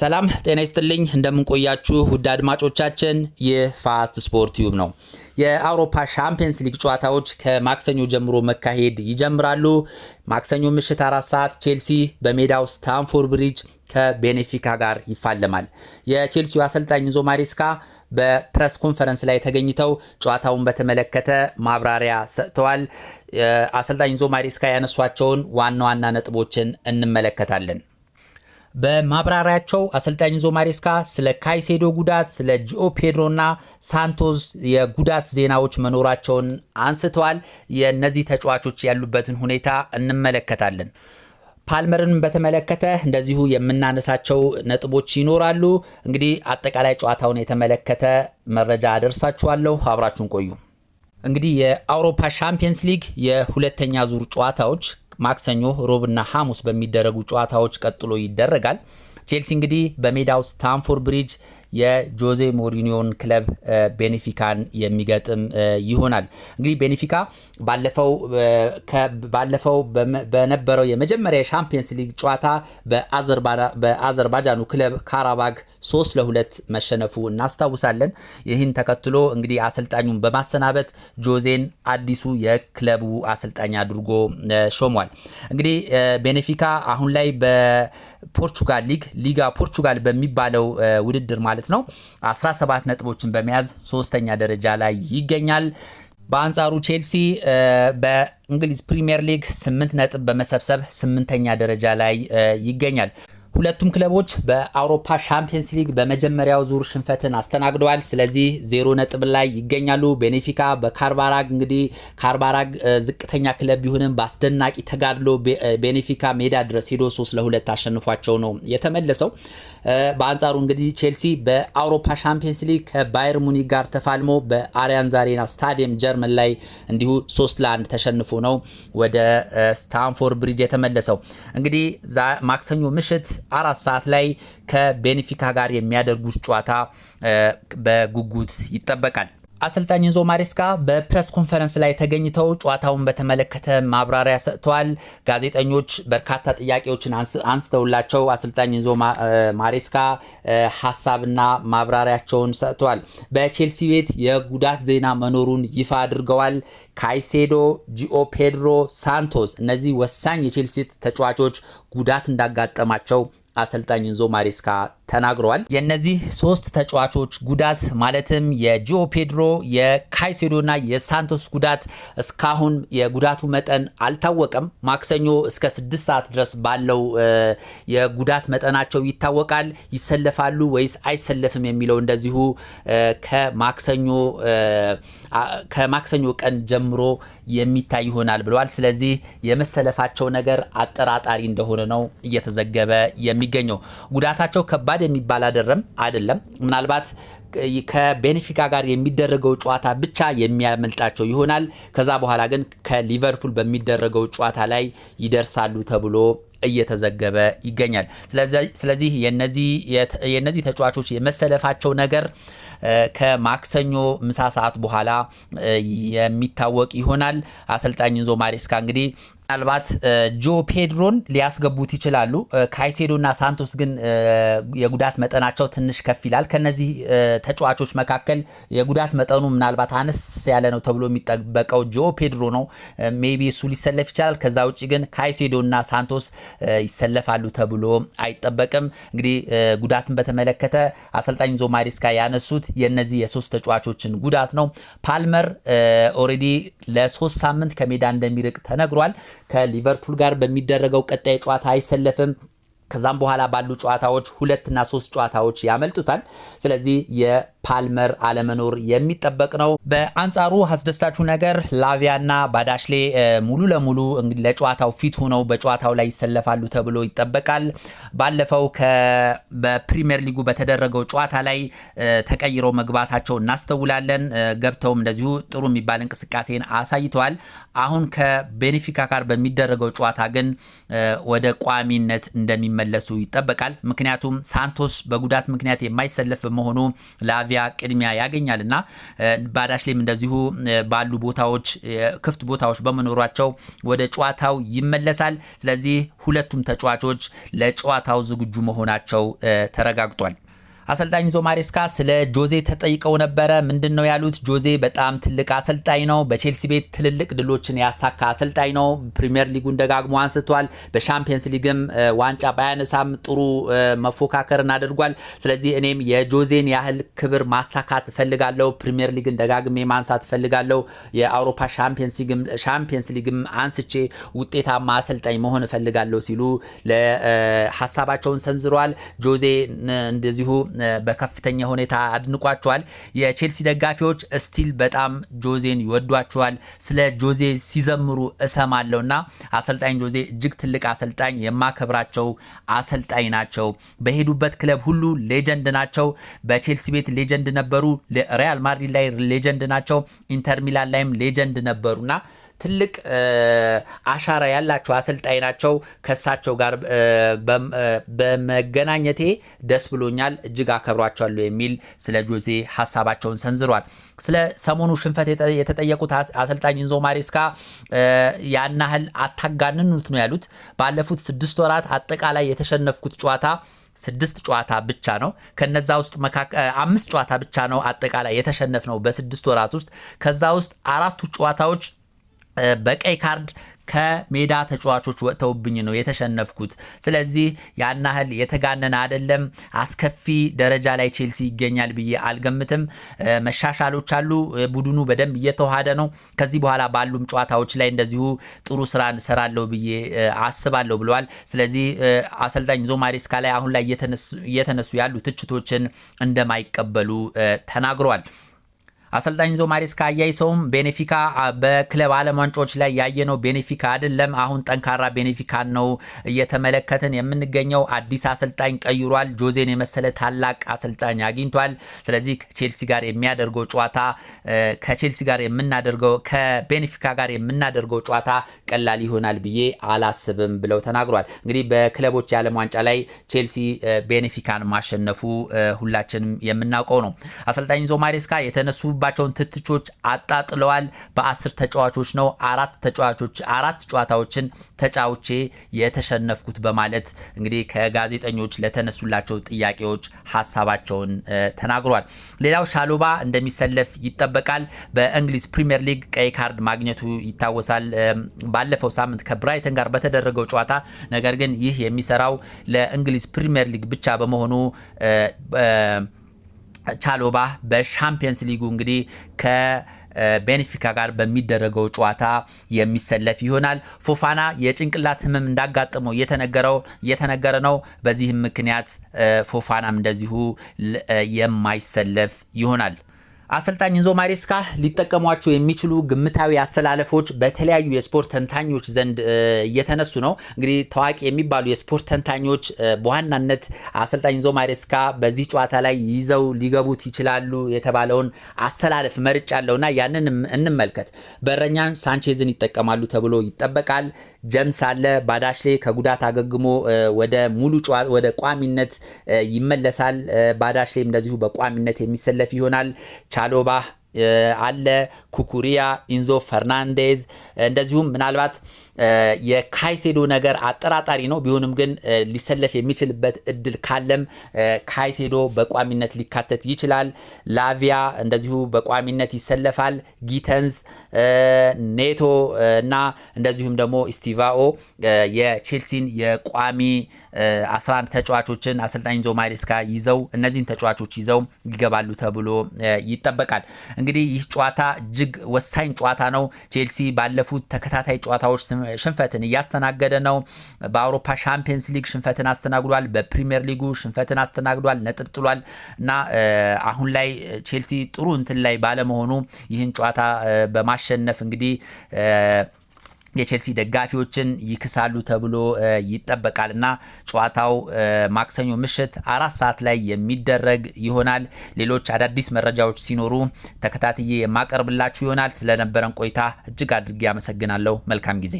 ሰላም ጤና ይስጥልኝ፣ እንደምንቆያችሁ ውድ አድማጮቻችን። ይህ ፋስት ስፖርት ዩብ ነው። የአውሮፓ ሻምፒየንስ ሊግ ጨዋታዎች ከማክሰኞ ጀምሮ መካሄድ ይጀምራሉ። ማክሰኞ ምሽት አራት ሰዓት ቼልሲ በሜዳው ስታንፎርድ ብሪጅ ከቤኔፊካ ጋር ይፋለማል። የቼልሲው አሰልጣኝ ኢንዞ ማሪስካ በፕሬስ ኮንፈረንስ ላይ ተገኝተው ጨዋታውን በተመለከተ ማብራሪያ ሰጥተዋል። አሰልጣኝ ኢንዞ ማሪስካ ያነሷቸውን ዋና ዋና ነጥቦችን እንመለከታለን። በማብራሪያቸው አሰልጣኝ ዞ ማሬስካ ስለ ካይሴዶ ጉዳት፣ ስለ ጂኦ ፔድሮና ሳንቶስ የጉዳት ዜናዎች መኖራቸውን አንስተዋል። የእነዚህ ተጫዋቾች ያሉበትን ሁኔታ እንመለከታለን። ፓልመርን በተመለከተ እንደዚሁ የምናነሳቸው ነጥቦች ይኖራሉ። እንግዲህ አጠቃላይ ጨዋታውን የተመለከተ መረጃ አደርሳችኋለሁ። አብራችሁን ቆዩ። እንግዲህ የአውሮፓ ሻምፒየንስ ሊግ የሁለተኛ ዙር ጨዋታዎች ማክሰኞ፣ ሮብና ሐሙስ በሚደረጉ ጨዋታዎች ቀጥሎ ይደረጋል። ቼልሲ እንግዲህ በሜዳው ስታንፎርድ ብሪጅ የጆዜ ሞሪኒዮን ክለብ ቤኔፊካን የሚገጥም ይሆናል። እንግዲህ ቤኔፊካ ባለፈው ባለፈው በነበረው የመጀመሪያ የሻምፒየንስ ሊግ ጨዋታ በአዘርባጃኑ ክለብ ካራባግ ሶስት ለሁለት መሸነፉ እናስታውሳለን። ይህን ተከትሎ እንግዲህ አሰልጣኙን በማሰናበት ጆዜን አዲሱ የክለቡ አሰልጣኝ አድርጎ ሾሟል። እንግዲህ ቤኔፊካ አሁን ላይ በፖርቹጋል ሊግ ሊጋ ፖርቹጋል በሚባለው ውድድር ማለት ማለት ነው 17 ነጥቦችን በመያዝ ሶስተኛ ደረጃ ላይ ይገኛል። በአንጻሩ ቼልሲ በእንግሊዝ ፕሪሚየር ሊግ 8 ነጥብ በመሰብሰብ ስምንተኛ ደረጃ ላይ ይገኛል። ሁለቱም ክለቦች በአውሮፓ ሻምፒየንስ ሊግ በመጀመሪያው ዙር ሽንፈትን አስተናግደዋል። ስለዚህ ዜሮ ነጥብ ላይ ይገኛሉ። ቤኔፊካ በካርባራግ እንግዲህ ካርባራግ ዝቅተኛ ክለብ ቢሆንም በአስደናቂ ተጋድሎ ቤኔፊካ ሜዳ ድረስ ሄዶ ሶስት ለሁለት አሸንፏቸው ነው የተመለሰው። በአንጻሩ እንግዲህ ቼልሲ በአውሮፓ ሻምፒየንስ ሊግ ከባየር ሙኒክ ጋር ተፋልሞ በአሊያንዝ አሬና ስታዲየም ጀርመን ላይ እንዲሁ ሶስት ለአንድ ተሸንፎ ነው ወደ ስታንፎርድ ብሪጅ የተመለሰው። እንግዲህ ማክሰኞ ምሽት አራት ሰዓት ላይ ከቤኒፊካ ጋር የሚያደርጉት ጨዋታ በጉጉት ይጠበቃል። አሰልጣኝ ኢንዞ ማሬስካ በፕሬስ ኮንፈረንስ ላይ ተገኝተው ጨዋታውን በተመለከተ ማብራሪያ ሰጥተዋል። ጋዜጠኞች በርካታ ጥያቄዎችን አንስተውላቸው አሰልጣኝ ኢንዞ ማሬስካ ሀሳብና ማብራሪያቸውን ሰጥተዋል። በቼልሲ ቤት የጉዳት ዜና መኖሩን ይፋ አድርገዋል። ካይሴዶ፣ ጂኦ ፔድሮ፣ ሳንቶስ እነዚህ ወሳኝ የቼልሲ ተጫዋቾች ጉዳት እንዳጋጠማቸው አሰልጣኝ ኢንዞ ማሬስካ ተናግረዋል። የእነዚህ ሶስት ተጫዋቾች ጉዳት ማለትም የጂኦ ፔድሮ፣ ና የሳንቶስ ጉዳት እስካሁን የጉዳቱ መጠን አልታወቀም። ማክሰኞ እስከ ስድስት ሰዓት ድረስ ባለው የጉዳት መጠናቸው ይታወቃል። ይሰለፋሉ ወይስ አይሰለፍም የሚለው እንደዚሁ ከማክሰኞ ከማክሰኞ ቀን ጀምሮ የሚታይ ይሆናል ብለዋል። ስለዚህ የመሰለፋቸው ነገር አጠራጣሪ እንደሆነ ነው እየተዘገበ የሚገኘው ጉዳታቸው ከባድ ከባድ የሚባል አይደለም አይደለም። ምናልባት ከቤኔፊካ ጋር የሚደረገው ጨዋታ ብቻ የሚያመልጣቸው ይሆናል። ከዛ በኋላ ግን ከሊቨርፑል በሚደረገው ጨዋታ ላይ ይደርሳሉ ተብሎ እየተዘገበ ይገኛል። ስለዚህ የነዚህ ተጫዋቾች የመሰለፋቸው ነገር ከማክሰኞ ምሳ ሰዓት በኋላ የሚታወቅ ይሆናል። አሰልጣኝ ኢንዞ ማሬስካ እንግዲህ ምናልባት ጆ ፔድሮን ሊያስገቡት ይችላሉ። ካይሴዶና ሳንቶስ ግን የጉዳት መጠናቸው ትንሽ ከፍ ይላል። ከነዚህ ተጫዋቾች መካከል የጉዳት መጠኑ ምናልባት አነስ ያለ ነው ተብሎ የሚጠበቀው ጆ ፔድሮ ነው። ሜቢ እሱ ሊሰለፍ ይችላል። ከዛ ውጭ ግን ካይሴዶና ሳንቶስ ይሰለፋሉ ተብሎ አይጠበቅም። እንግዲህ ጉዳትን በተመለከተ አሰልጣኝ ዞ ማሪስካ ያነሱት የነዚህ የሶስት ተጫዋቾችን ጉዳት ነው። ፓልመር ኦልሬዲ ለሶስት ሳምንት ከሜዳ እንደሚርቅ ተነግሯል። ከሊቨርፑል ጋር በሚደረገው ቀጣይ ጨዋታ አይሰለፍም። ከዛም በኋላ ባሉ ጨዋታዎች ሁለትና ሶስት ጨዋታዎች ያመልጡታል። ስለዚህ የፓልመር አለመኖር የሚጠበቅ ነው። በአንጻሩ አስደሳቹ ነገር ላቪያና ባዳሽሌ ሙሉ ለሙሉ ለጨዋታው ፊት ሆነው በጨዋታው ላይ ይሰለፋሉ ተብሎ ይጠበቃል። ባለፈው በፕሪሚየር ሊጉ በተደረገው ጨዋታ ላይ ተቀይረው መግባታቸው እናስተውላለን። ገብተውም እንደዚሁ ጥሩ የሚባል እንቅስቃሴን አሳይተዋል። አሁን ከቤኔፊካ ጋር በሚደረገው ጨዋታ ግን ወደ ቋሚነት እንደሚመ እንደሚመለሱ ይጠበቃል። ምክንያቱም ሳንቶስ በጉዳት ምክንያት የማይሰለፍ በመሆኑ ላቪያ ቅድሚያ ያገኛልና እና ላይም እንደዚሁ ባሉ ቦታዎች ክፍት ቦታዎች በመኖሯቸው ወደ ጨዋታው ይመለሳል። ስለዚህ ሁለቱም ተጫዋቾች ለጨዋታው ዝግጁ መሆናቸው ተረጋግጧል። አሰልጣኝ ዞማሬስካ ማሬስካ ስለ ጆዜ ተጠይቀው ነበረ። ምንድን ነው ያሉት? ጆዜ በጣም ትልቅ አሰልጣኝ ነው። በቼልሲ ቤት ትልልቅ ድሎችን ያሳካ አሰልጣኝ ነው። ፕሪሚየር ሊጉን ደጋግሞ አንስቷል። በሻምፒየንስ ሊግም ዋንጫ ባያነሳም ጥሩ መፎካከርን አድርጓል። ስለዚህ እኔም የጆዜን ያህል ክብር ማሳካት እፈልጋለሁ። ፕሪሚየር ሊግን ደጋግሜ ማንሳት እፈልጋለሁ። የአውሮፓ ሻምፒየንስ ሊግም አንስቼ ውጤታማ አሰልጣኝ መሆን እፈልጋለሁ ሲሉ ሀሳባቸውን ሰንዝረዋል። ጆዜ እንደዚሁ በከፍተኛ ሁኔታ አድንቋቸዋል። የቼልሲ ደጋፊዎች ስቲል በጣም ጆዜን ይወዷቸዋል። ስለ ጆዜ ሲዘምሩ እሰማለሁ እና አሰልጣኝ ጆዜ እጅግ ትልቅ አሰልጣኝ፣ የማከብራቸው አሰልጣኝ ናቸው። በሄዱበት ክለብ ሁሉ ሌጀንድ ናቸው። በቼልሲ ቤት ሌጀንድ ነበሩ። ሪያል ማድሪድ ላይ ሌጀንድ ናቸው። ኢንተር ሚላን ላይም ሌጀንድ ነበሩና ትልቅ አሻራ ያላቸው አሰልጣኝ ናቸው። ከሳቸው ጋር በመገናኘቴ ደስ ብሎኛል፣ እጅግ አከብሯቸዋለሁ የሚል ስለ ጆዜ ሀሳባቸውን ሰንዝሯል። ስለ ሰሞኑ ሽንፈት የተጠየቁት አሰልጣኝ ኢንዞ ማሬስካ ያን ያህል አታጋንኑት ነው ያሉት። ባለፉት ስድስት ወራት አጠቃላይ የተሸነፍኩት ጨዋታ ስድስት ጨዋታ ብቻ ነው። ከነዛ ውስጥ አምስት ጨዋታ ብቻ ነው አጠቃላይ ነው በስድስት ወራት ውስጥ ከዛ ውስጥ አራቱ ጨዋታዎች በቀይ ካርድ ከሜዳ ተጫዋቾች ወጥተውብኝ ነው የተሸነፍኩት። ስለዚህ ያን ያህል የተጋነነ አይደለም። አስከፊ ደረጃ ላይ ቼልሲ ይገኛል ብዬ አልገምትም። መሻሻሎች አሉ። ቡድኑ በደንብ እየተዋሃደ ነው። ከዚህ በኋላ ባሉም ጨዋታዎች ላይ እንደዚሁ ጥሩ ስራ እንሰራለሁ ብዬ አስባለሁ ብለዋል። ስለዚህ አሰልጣኝ ኢንዞ ማሬስካ ላይ አሁን ላይ እየተነሱ ያሉ ትችቶችን እንደማይቀበሉ ተናግረዋል። አሰልጣኝ ኢንዞ ማሬስካ አያይዘውም ቤኔፊካ በክለብ ዓለም ዋንጫዎች ላይ ያየነው ቤኔፊካ አይደለም፣ አሁን ጠንካራ ቤኔፊካን ነው እየተመለከትን የምንገኘው። አዲስ አሰልጣኝ ቀይሯል። ጆዜን የመሰለ ታላቅ አሰልጣኝ አግኝቷል። ስለዚህ ከቼልሲ ጋር የሚያደርገው ጨዋታ ከቼልሲ ጋር የምናደርገው ከቤኔፊካ ጋር የምናደርገው ጨዋታ ቀላል ይሆናል ብዬ አላስብም ብለው ተናግሯል። እንግዲህ በክለቦች የዓለም ዋንጫ ላይ ቼልሲ ቤኔፊካን ማሸነፉ ሁላችንም የምናውቀው ነው። አሰልጣኝ ዞ ማሬስካ የተነሱ የደረሱባቸውን ትትቾች አጣጥለዋል። በአስር ተጫዋቾች ነው አራት ተጫዋቾች አራት ጨዋታዎችን ተጫውቼ የተሸነፍኩት በማለት እንግዲህ ከጋዜጠኞች ለተነሱላቸው ጥያቄዎች ሀሳባቸውን ተናግሯል። ሌላው ሻሎባ እንደሚሰለፍ ይጠበቃል። በእንግሊዝ ፕሪምየር ሊግ ቀይ ካርድ ማግኘቱ ይታወሳል። ባለፈው ሳምንት ከብራይተን ጋር በተደረገው ጨዋታ ነገር ግን ይህ የሚሰራው ለእንግሊዝ ፕሪምየር ሊግ ብቻ በመሆኑ ቻሎባ በሻምፒየንስ ሊጉ እንግዲህ ከ ቤኔፊካ ጋር በሚደረገው ጨዋታ የሚሰለፍ ይሆናል። ፎፋና የጭንቅላት ህመም እንዳጋጠመው የተነገረው የተነገረ ነው። በዚህም ምክንያት ፎፋናም እንደዚሁ የማይሰለፍ ይሆናል። አሰልጣኝ ኢንዞ ማሬስካ ሊጠቀሟቸው የሚችሉ ግምታዊ አሰላለፎች በተለያዩ የስፖርት ተንታኞች ዘንድ እየተነሱ ነው። እንግዲህ ታዋቂ የሚባሉ የስፖርት ተንታኞች በዋናነት አሰልጣኝ ኢንዞ ማሬስካ በዚህ ጨዋታ ላይ ይዘው ሊገቡት ይችላሉ የተባለውን አሰላለፍ መርጫ ያለውና ያንን እንመልከት። በረኛን ሳንቼዝን ይጠቀማሉ ተብሎ ይጠበቃል። ጀምስ አለ ባዳሽሌ ከጉዳት አገግሞ ወደ ሙሉ ወደ ቋሚነት ይመለሳል። ባዳሽሌም እንደዚሁ በቋሚነት የሚሰለፍ ይሆናል። ቻሎባ አለ ኩኩሪያ፣ ኢንዞ ፈርናንዴዝ እንደዚሁም ምናልባት የካይሴዶ ነገር አጠራጣሪ ነው። ቢሆንም ግን ሊሰለፍ የሚችልበት እድል ካለም ካይሴዶ በቋሚነት ሊካተት ይችላል። ላቪያ እንደዚሁ በቋሚነት ይሰለፋል። ጊተንስ፣ ኔቶ እና እንደዚሁም ደግሞ ስቲቫኦ የቼልሲን የቋሚ 11 ተጫዋቾችን አሰልጣኝ ዞ ማሬስካ ይዘው እነዚህን ተጫዋቾች ይዘው ይገባሉ ተብሎ ይጠበቃል። እንግዲህ ይህ ጨዋታ እጅግ ወሳኝ ጨዋታ ነው። ቼልሲ ባለፉት ተከታታይ ጨዋታዎች ሽንፈትን እያስተናገደ ነው። በአውሮፓ ሻምፒየንስ ሊግ ሽንፈትን አስተናግዷል። በፕሪሚየር ሊጉ ሽንፈትን አስተናግዷል፣ ነጥብ ጥሏል እና አሁን ላይ ቼልሲ ጥሩ እንትን ላይ ባለመሆኑ ይህን ጨዋታ በማሸነፍ እንግዲህ የቼልሲ ደጋፊዎችን ይክሳሉ ተብሎ ይጠበቃል እና ጨዋታው ማክሰኞ ምሽት አራት ሰዓት ላይ የሚደረግ ይሆናል። ሌሎች አዳዲስ መረጃዎች ሲኖሩ ተከታትዬ የማቀርብላችሁ ይሆናል። ስለነበረን ቆይታ እጅግ አድርጌ አመሰግናለሁ። መልካም ጊዜ